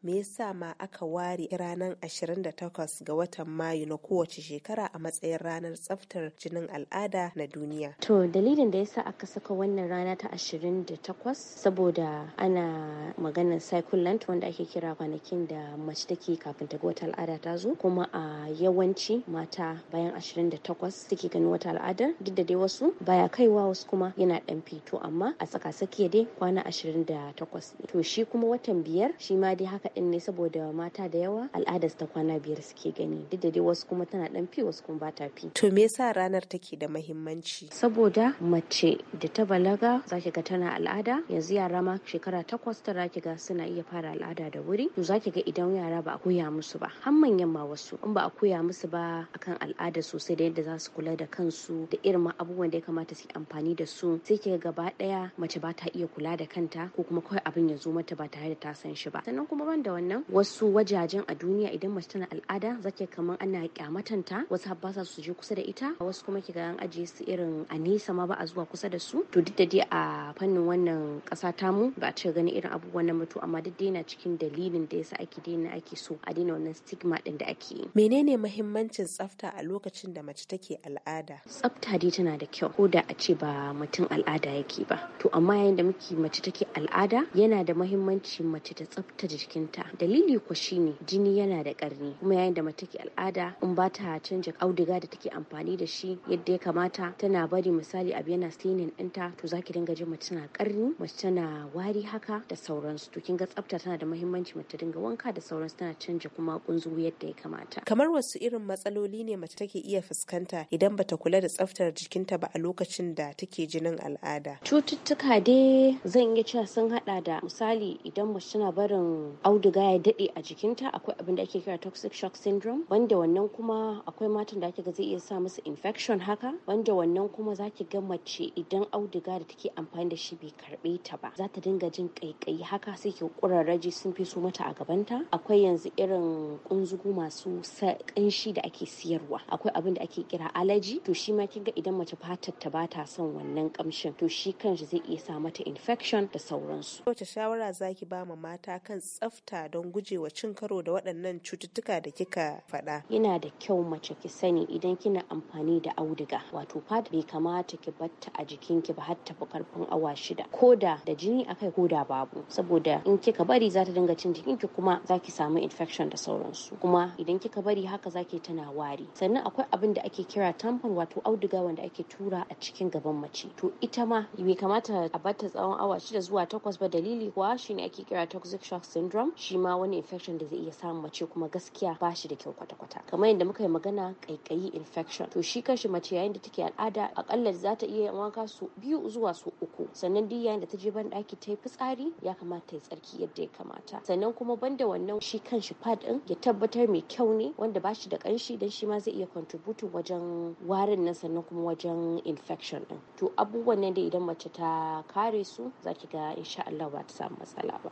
me yasa ma aka ware ranar 28 ga watan mayu na kowace shekara a matsayin ranar tsaftar jinin al'ada na duniya to dalilin da yasa aka saka wannan rana ta 28 saboda ana maganar cyclant wanda ake kira kwanakin da mace take kafin ta ga wata al'ada ta zo kuma a yawanci mata bayan 28 suke ganin wata al'ada duk da dai wasu baya kaiwa wasu kuma yana dan fito amma a tsaka tsakiya dai kwana 28 ne to shi kuma watan biyar shi ma dai haka haka ne saboda mata da yawa al'adar ta kwana biyar suke gani duk da dai wasu kuma tana ɗan fi wasu kuma ba ta fi to me yasa ranar take da mahimmanci saboda mace da ta balaga za ki ga tana al'ada yanzu yara ma shekara takwas tara ki ga suna iya fara al'ada da wuri to za ki ga idan yara ba a koya musu ba har manyan ma wasu in ba a koya musu ba akan al'ada sosai da yadda za su kula da kansu da irin ma abubuwan da ya kamata su amfani da su sai ki ga gaba ɗaya mace ba ta iya kula da kanta ko kuma kawai abin ya zo mata ba tare da ta san shi ba sannan kuma daban da wannan wasu wajajen a duniya idan mace tana al'ada zake kamar ana kyamatanta wasu ba sa su je kusa da ita wasu kuma ke an ajiye su irin a nesa ma ba a zuwa kusa da su to duk da dai a fannin wannan kasa tamu ba a cika gani irin abubuwan nan mutu amma duk dai na cikin dalilin da yasa ake daina ake so a daina wannan stigma din da ake yi menene mahimmancin tsafta a lokacin da mace take al'ada tsafta dai tana da kyau ko da a ce ba mutum al'ada yake ba to amma yayin da muke mace take al'ada yana da mahimmanci mace ta tsafta jikin jikinta dalili kuwa shine jini yana da karni kuma yayin da mace ke al'ada in ba ta canja auduga da take amfani da shi yadda ya kamata tana bari misali abu yana sinin ɗinta to zaki dinga jin mace tana karni mace tana wari haka da sauransu to kin ga tsafta tana da muhimmanci mace dinga wanka da sauransu tana canja kuma kunzu yadda ya kamata kamar wasu irin matsaloli ne mace take iya fuskanta idan bata kula da tsaftar jikinta ba a lokacin da take jinin al'ada cututtuka dai zan iya cewa sun hada da misali idan mace tana barin auduga ya daɗe a jikinta akwai abin da ake kira toxic shock syndrome wanda wannan kuma akwai matan da ake ga zai iya sa musu infection haka wanda wannan kuma za ki ga mace idan auduga da take amfani da shi bai karɓe ta ba za ta dinga jin ƙaiƙayi haka sai ke ƙurarraji sun fi so mata a gabanta akwai yanzu irin kunzugu masu ƙanshi da ake siyarwa akwai abin da ake kira allergy to shi ma kin ga idan mace fatar ta ba ta son wannan kamshin to shi kanshi zai iya sa mata infection da sauransu. Wace shawara zaki ba ma mata kan tsafta tsafta don guje wa cin karo da waɗannan cututtuka da kika faɗa. Yana da kyau mace ki sani idan kina amfani da auduga wato fata bai kamata ki batta a jikinki ba har tafi karfin awa shida Ko da da jini akai da babu saboda in kika bari za ta dinga cin jikin ki kuma za ki samu infection da sauransu kuma idan kika bari haka za ki tana wari sannan akwai abin da ake kira tampon wato auduga wanda ake tura a cikin gaban mace to ita ma bai kamata a batta tsawon awa shida zuwa takwas ba dalili kuwa shine ake kira toxic shock syndrome shi ma wani infection da zai iya samun mace kuma gaskiya ba shi da kyau kwata-kwata kamar yadda muka yi magana kaikayi infection to shi kanshi mace yayin da take al'ada akalla za ta iya wanka su biyu zuwa su uku sannan duk yayin da ta je banɗaki daki ta yi fitsari ya kamata ta yi tsarki yadda ya kamata sannan kuma banda wannan shi kanshi pad din ya tabbatar mai kyau ne wanda ba shi da kanshi dan shi ma zai iya contribute wajen warin nan sannan kuma wajen infection din to abubuwan nan da idan mace ta kare su za ki ga insha Allah ba ta samu matsala ba